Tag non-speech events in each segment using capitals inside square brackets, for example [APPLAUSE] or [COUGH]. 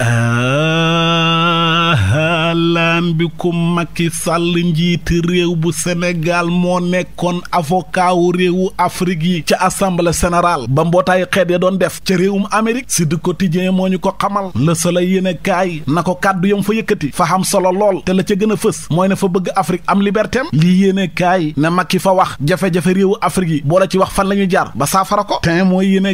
Uh, Nambikou Macky Sall njiiti réew bu Sénégal moo nekkoon avocat wu réewu Afrique yi ca assemblée générale ba mbootaayu xeet ya doon def ca réewum Amérique si du quotidien moo ñu ko xamal la solo yéen a kaay na ko kàddu yam fa yëkkati fa xam solo lool te la ca gën a fës mooy ne fa bëgg Afrique am liberté am lii yéen a kaay ne Macky fa wax jafe-jafe réewu Afrique yi boo la ci wax fan la ñu jaar ba saafara ko te mooy yéen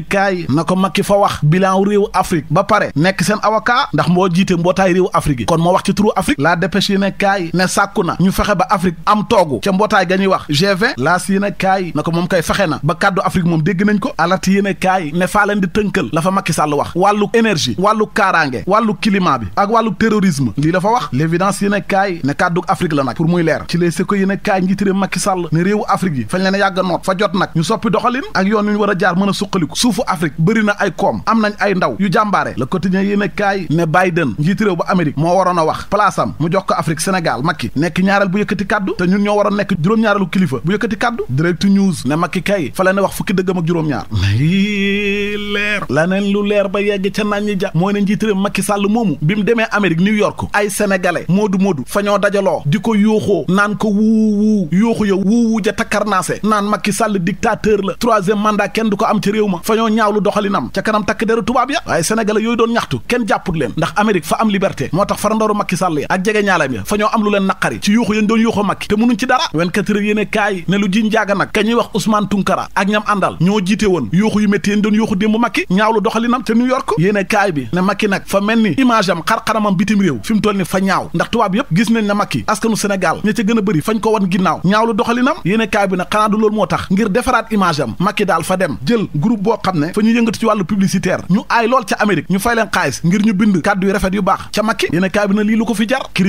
na ko Macky fa wax bilan réewu Afrique ba pare nekk seen avocat ndax moo jiite mbootaayu réewu dépêche yéen a kaay ne sàkku na ñu fexe ba Afrique am toogu ca mbootaay ga ñuy wax G20 laas yéen a kaay na ko moom kay fexe na ba kàddu Afrique moom dégg nañ ko alerte yéen kaay ne faa leen di tënkal la fa Macky Sall wax wàllu énergie wàllu kaaraange wàllu climat bi ak wàllu terrorisme lii la fa wax l'évidence yéen a kaay ne kàddu Afrique la nag pour muy leer ci les si ko yéen a kaay njiitere Macky Sall ne réewu Afrique yi fañ leen a yàgg a fa jot nag ñu soppi doxali ak yoon ñu war a jaar mën a suqaliku suufu Afrique bëri na ay koom am nañ ay ndaw yu jàmbaare le quotidien yéen kaay ne Biden njiiti réew ba Amérique moo waroon a wax place jox ko Afrique Sénégal Macky nekk ñaareel bu yëkkati kaddu te ñun ñoo war a nekk juróom-ñaareelu kilifa bu yëkkati kaddu direct news ne Macky kay fa leen wax fukki dëggam ak juróom-ñaar leer laneen lu leer ba yegg ca naan ja mooy ne njiitëram makki sàll moomu bi mu demee Amérique New York ay sénégalais moodu moodu fa ñoo dajaloo di ko yóoxoo naan ko wuuwuu yóoxu ya wuuwu ja takkarnaase naan Macky Sall dictateur la troisième mandat kenn du ko am ci réew ma fa ñoo ñaawlu doxalinam ca kanam takk deru tubaab ya waaye sénégalais yooyu doon ñaxtu kenn jàpput leen ndax Amérique am liberté moo tax ñaalam ya fa ñoo am lu leen naqari ci yuuxu yéen doon yuuxu Macky te mënuñ ci dara 24 heures yéene kaay ne lu ji njaaga nag ka ñuy wax Ousmane Tunkara ak ñam àndal ñoo jiite woon yuuxu yu métti yéen doon yuuxu démb Macky ñaawlu doxalinam ca New York kaay bi ne Macky nag fa mel ni image xar-xaramam bitim réew fi mu ni fa ñaaw ndax tubaab yépp gis nañ na Macky askanu Sénégal ña ca gën a bëri fañ ko wan ginnaaw ñaawlu doxalinam yéene kaay bi nag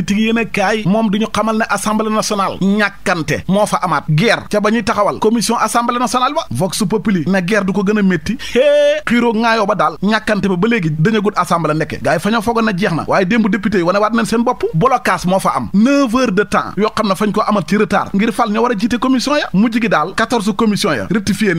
critique yéen a kaay moom du ñu xamal ne assemblée nationale ñàkkante moo fa amaat guerre ca ba ñuy taxawal commission assemblée nationale ba vox populi na guerre du ko gën a métti é xiiroo ba daal ñàkkante ba ba léegi dañu gudd nekke gars fa ñoo foogoon na jeex na waaye démb député yi wane waat nañ seen bopp blocage moo fa am neuf heures de temps yoo xam fañ ko amat ci retard ngir fal ña war a jiite commission ya mujj gi daal quatorze commission ya rectifié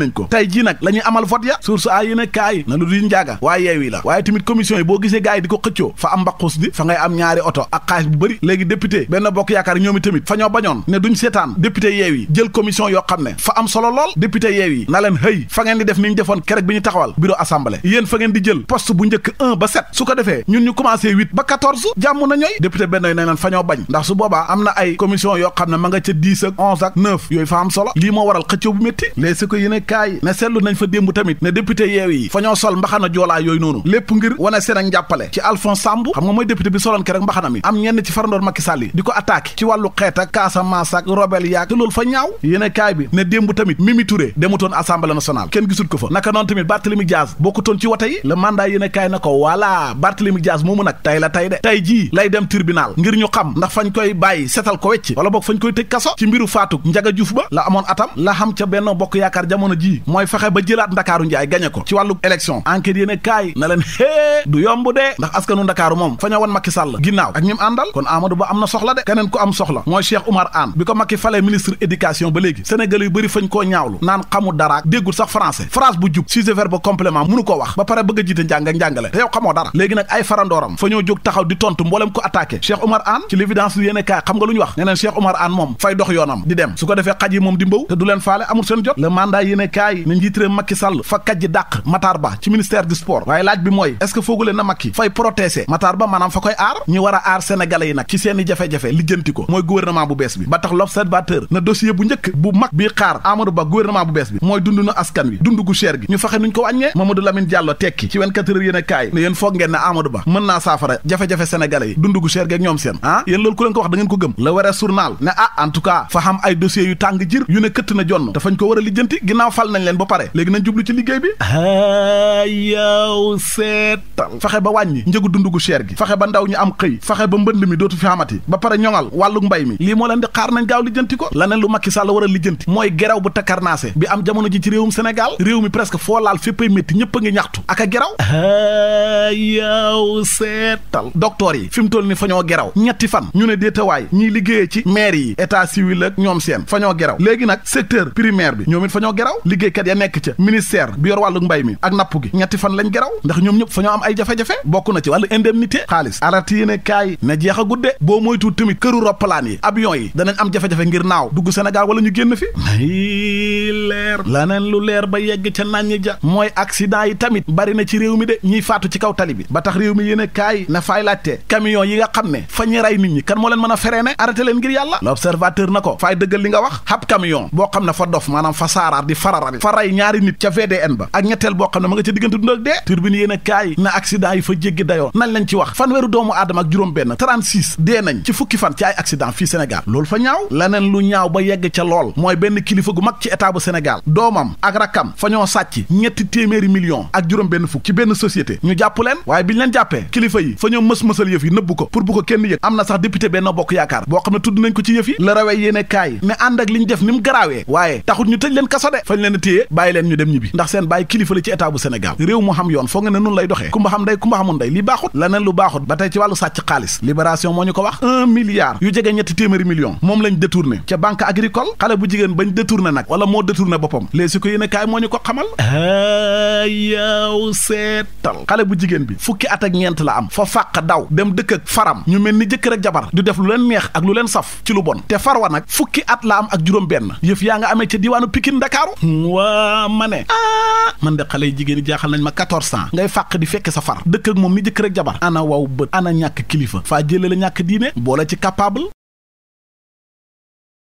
léegi député benn bokk yaakaar ñoom i tamit fa ñoo bañoon ne duñ seetaan député Yewi jël commission yoo xam ne fa am solo lool député Yewi na leen hëy fa di def ni ñu defoon kerek bi ñu taxawal bureau assemblée yéen fa ngeen di jël poste bu njëkk 1 ba 7 su ko defee ñun ñu commencé 8 ba 14 jàmm na ñooy député benn yi ne leen fa bañ ndax su am na ay commission yoo xam ne ma nga ca 10 ak 11 ak 9 yooyu fa am solo lii moo waral xëccoo lépp ngir wane seen ak njàppale ci Alphonse Sambou xam nga mooy député àndandoon Macky Sall yi di ko attaqué ci wàllu xeet ak Casamance ak robel yaag te loolu fa ñaaw yéene bi ne démb tamit Mimi demutoon assemblée nationale kenn gisut ko fa naka noonu tamit Barthélemy Diaz bokkutoon ci wote yi le mandat yéene na ko voilà Barthélemy Diaz moomu nag tay la tay de tay jii lay dem tribunal ngir ñu xam ndax fañ koy bàyyi setal ko wecc wala boog fañ koy tëj kaso ci mbiru faatug Njaga Juuf ba la amoon atam la xam ca benn bokk yaakaar jamono na leen xée [LAUGHS] du yomb de ndax askanu ndakaaru moom fa ñoo wan Macky Sall ginnaaw ak ñim Amadou Ba am na soxla de keneen ku am soxla mooy Cheikh Oumar Anne bi ko Macky falee ministre éducation ba léegi Sénégal yu bëri fañ koo ñaawlu naan xamu dara déggul sax français phrase bu jub sujet verbe complément mënu ko wax ba pare bëgg jiite njàng njàngale te yow xamoo dara léegi nag ay farandooram fa ñoo jóg taxaw di tontu mboolem ko attaqué Cheikh Oumar Anne ci l'évidence yéene kaay xam nga lu wax ne neen Cheikh Oumar moom fay dox yoonam ci seen i jafe-jafe lijjanti ko mooy gouvernement bu bees bi ba tax l'observateur na dossier bu njëkk bu mag bii xaar Amadou Ba gouvernement bu bees bi mooy dund na askan wi dund gu cher gi ñu faxe nuñ ko wàññee Mamadou Lamine Diallo tekki ci 24 heures yéen a kaay ne yéen foog ngeen ne Amadou Ba mën naa saafara jafe-jafe sénégalais yi dund gu cher gi ñoom seen ah yéen loolu ku leen ko wax da ngeen ko gëm la wara journal ne ah en tout cas fa xam ay dossiers yu tàng jir yu ne këtt na jonn dafañ ko war a lijjanti ginnaaw fal nañ leen ba pare léegi nañ jublu ci liggéey bi ba wàññi njëgu dund gu cher gi fexe ba ndaw ñu am xëy fexe ba mbënd mi dootu dootu fi amati ba pare ñoŋal wàllu mbay mi lii moo leen di xaar nañ gaaw lijjanti ko laneen lu Macky Sall war a lijjanti mooy geraw bu takkarnaase bi am jamono ji ci réewum Sénégal réew mi presque foo laal féppay métti ñëpp a ngi ñaxtu ak geraw yow seetal docteur yi fi mu toll ni fa ñoo geraw ñetti fan ñu ne déetawaay ñiy liggéeyee ci maire yi état civil ñoom seen fa ñoo geraw léegi nag secteur primaire bi ñoom it fa ñoo geraw liggéeykat ya nekk ca ministère bi yor wàllu mi ak napp gi ñetti fan lañ geraw ndax ñoom ñëpp fa ñoo ay jafe-jafe bokk na ci wàllu indemnité xaalis a de boo moytu tamit këru roppalaan yi avion yi danañ am jafe-jafe ngir naaw dugg Sénégal wala ñu génn fi nay leer laneen lu leer ba yegg ca naññ ja mooy accident yi tamit bari na ci réew mi de ñiy faatu ci kaw tali bi ba tax réew mi yéen a kaay na faay laajte camion yi nga xam ne fa ñu nit ñi kan moo leen mën a feree ne arrêté leen ngir yàlla l'observateur na ko faay dëggal li nga wax xab camion boo xam ne fa dof maanaam fa saaraar di fararari a kaay na accident yi dee nañ ci fukki fan ci ay accident fii Sénégal loolu fa ñaaw leneen lu ñaaw ba yegg ca lool mooy benn kilifa gu mag ci état bu Sénégal doomam ak rakkam fa ñoo sàcc ñetti téeméeri million ak juróom benn fukk ci benn société ñu jàpp leen waaye biñ leen jàppee kilifa yi fa ñoo mës-mësal yëf nëbbu ko pour bu ko kenn yëg am na sax député benn bokk yaakaar boo xam ne tudd nañ ko ci yëf la rawee yéene kaay ne ànd ak li ñu def ni garaawee waaye taxul ñu tëj leen leen a téye bàyyi leen ñu dem ñibbi ndax nga ne nun lay doxee kumba xam day kumba xamul day li baaxut leneen lu baaxut ba tey ci wàllu sàcc libération moo ñu ko wax un milliard yu jege ñetti téeméeri million moom lañ détourné ca banque agricole xale bu jigéen bañ détourné nag wala moo détourné boppam les si ko yéen a kaay moo ñu ko xamal ah. yaaw seetal xale bu jigéen bi fukki at ak ñeent la am fa fàq daw dem dëkk faram ñu mel ni jëkkër ak jabar di def lu leen neex ak lu leen saf ci lu bon te far wa nag fukki at la am ak juróom benn yëf yaa nga amee ca diiwaanu Pikine Dakaaru waa ma ne ah man de xale yi jigéen jaaxal nañ ma quatorze ans ngay fàq di fekk sa far dëkk moom ni jëkkër ak jabar ana waw bët ana ñàkk kilifa faa jëlee la ñàkk diine boole ci capable